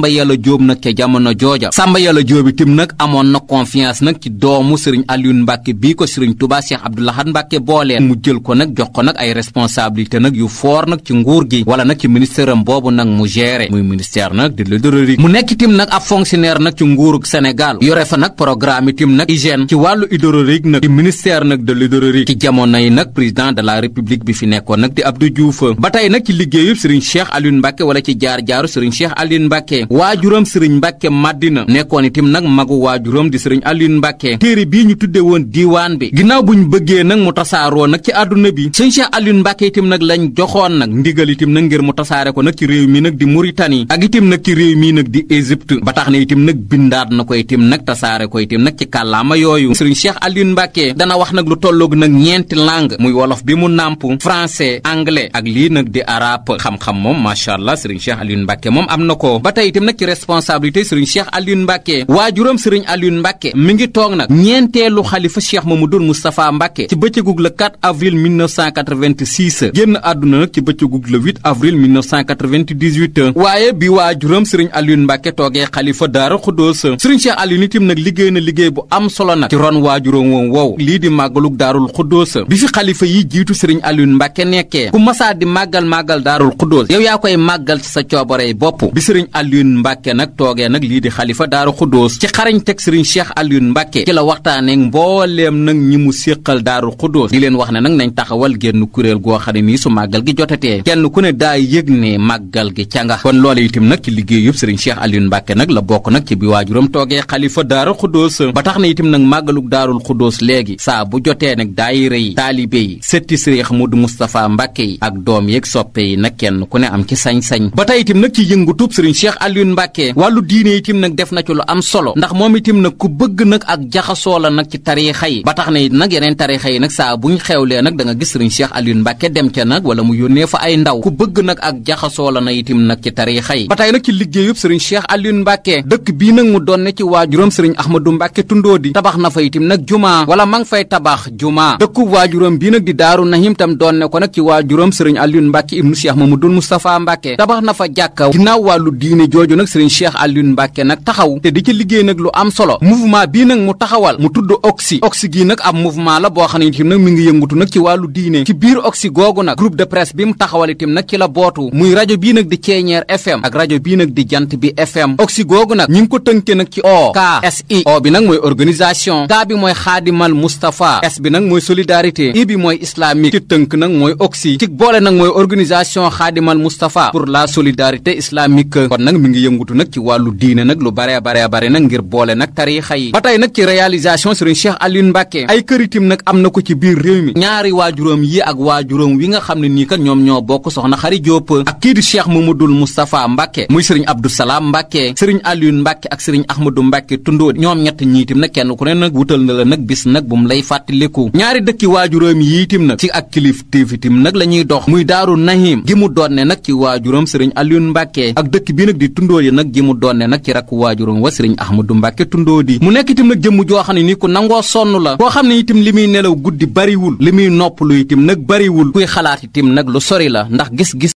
Samba Yàlla Jóob nag jamono jooja Samba Yàlla Jóob itam nag amoon na confiance nag ci doomu Serigne Alioune Mbacke bii ko Serigne Touba Cheikh Abdou Lahad Mbacke boolee mu jël ko nag jox ko nag ay responsabilité nag yu fort nag ci nguur gi wala nag ci ministère am boobu nag mu géré muy ministère nag de l'hydraulique mu nekk itam nag ab fonctionnaire nag ci nguurug Sénégal yore fa nag programme itam nag hygiène ci wàllu hydraulique nag ci ministère nag de l'hydraulique ci jamono yi nag président de la république bi fi nekkoon nag di Abdou Diouf tey nag ci liggéeyub Serigne Cheikh Alioune Mbacke wala ci jaar jaaru Serigne Cheikh Alioune Mbacke waajuram sëriñ mbàkke màddina nekkoon itam nag magu waajuram di sëriñ Aliou Mbàkke téere bii ñu tudde woon diiwaan bi ginnaaw bu ñu bëggee nag mu tasaaroo nag ci àdduna bi sëñ Cheikh Aliou Mbàkke itam nag lañ joxoon nag ndigal itam nag ngir mu tasaare ko nag ci réew mi nag di Mauritanie ak itam nag ci réew mi nag di Égypte ba tax na itam nag bindaat na ko itam nag tasaare ko itam nag ci kàllaama yooyu sëriñ Cheikh Aliou Mbàkke dana wax nag lu tolloog nag ñeenti langue muy wolof bi mu nàmp français anglais ak lii nag di arabe xam moom macha allah sëriñ Cheikh Aliou Mbàkke moom am na ko jëm nag ci responsabilité sëriñ Cheikh Alioune Mbacke waajuram sëriñ Alioune Mbacke mi ngi toog nag ñeenteelu xalifa Cheikh Mamadou Moustapha Mbacke ci bëccëgug le 4 avril 1986 génn àdduna nag ci bëccëgug le 8 avril 1998 waaye bi waajuram sëriñ Alioune Mbacke toogee xalifa Daara Xuddoos sëriñ Cheikh Alioune itam nag liggéey na liggéey bu am solo nag ci ron waajuram woon wow lii di màggalug Daarul Xuddoos bi fi xalifa yi jiitu sëriñ Alioune Mbacke nekkee ku masaa di màggal màggal Daarul Xuddoos yow yaa koy màggal ci sa coobarey bopp Alioune Mbacke nag toogee nag lii di xalifa daaru xuddoos ci xarañteg sëriñ Cheikh Alioune Mbacke ci la waxtaanee mbooleem nag ñi mu séqal daaru xuddoos di leen wax ne nag nañ taxawal génn kuréel goo xam ne nii su màggal gi jotatee kenn ku ne daa yëg ne màggal gi ca nga kon loola itam nag ci liggéey yëpp sëriñ Cheikh Alioune nag la bokk nag ci bi waajuram toogee xalifa daaru xuddoos ba tax na itam nag màggalug daarul xuddoos léegi saa bu jotee nag daayira yi taalibe yi sëtti sëriñ Modou Moustapha Mbacke yi ak doom yeeg soppe yi nag kenn ku ne am ci sañ Alioune Mbacke wàllu diine itim nag def na ci lu am solo ndax moom itim nag ku bëgg nag ak jaxasoo la nag ci tariixa yi ba tax na it nag yeneen tariixa yi nag saa xewlee nag da nga gis sëriñ Cheikh Alioune Mbacke dem ca nag wala mu yónnee fa ay ndaw ku bëgg nag ak jaxasoo la na itim nag ci tariixa yi ba tey nag ci liggéeyub sëriñ Cheikh Alioune Mbacke dëkk bii nag mu donne ci waajuram sëriñ Ahmadou Mbacke tundoo di tabax na fa itim nag jumaa wala ma ngi fay tabax jumaa dëkkub waajuram bii nag di daaru nahim tam donne ko nag ci waajuram sëriñ Alioune Mbacke ibnu Cheikh Mamadou Moustapha Mbacke tabax na fa jàkka ginnaaw jooju nag sëriñ Cheikh Alioune Mbacke nag taxaw te di ci liggéey nag lu am solo mouvement bii nag mu taxawal mu tudd oxy oxy gii nag ab mouvement la boo xam ne itam nag mi ngi yëngutu nag ci wàllu diine ci biir oxy googu nag groupe de presse bi mu taxawal itam nag ci la bootu muy rajo bii nag di Ceeñeer FM ak rajo bii nag di Jant bi FM oxy googu nag ñi ngi ko tënke nag ci O K S I O bi nag mooy organisation K bi mooy xaadimal Moustapha S bi nag mooy solidarité bi mooy islamique ci tënk nag mooy oxy ci boole nag mooy organisation xaadimal Moustapha pour la solidarité islamique ngi yëngutu nag ci wàllu diine nag lu bare bare bare nag ngir boole nag tariixa yi ba tey nag ci réalisation Serigne Cheikh Alioune Mbacké ay këritim nag am na ko ci biir réew mi ñaari waajuram yi ak waajuróom wi nga xam ne nii kat ñoom ñoo bokk soxna Xari Diop ak kii di Cheikh dul Moustapha Mbacké muy Serigne Abdou Salam Mbacké Serigne Alioune Mbacké ak Serigne Ahmadou Mbacké Tundóo ñoom ñett ñiitim na kenn ku ne nag wutal na la nag bis nag bu mu lay fàttaliku ñaari dëkki waajuróom yiitim nag ci ak kilif téefitim nag la ñuy dox muy daaru nahim gi mu doon ne nag ci waajuróom Serigne Alioune Mbacké ak dëkk bi tundoodi nag ji mu doonne nag ci rakk waajuram wa sëriñ ahmadu mbàkke tundoodi mu nekk itam nag jëmm joo xam ne ni ko nangoo sonn la koo xam ne itam li muy nelaw guddi bariwul li muy noppalu itam nag bariwul kuy xalaat itam nag lu sori la ndax gis-gis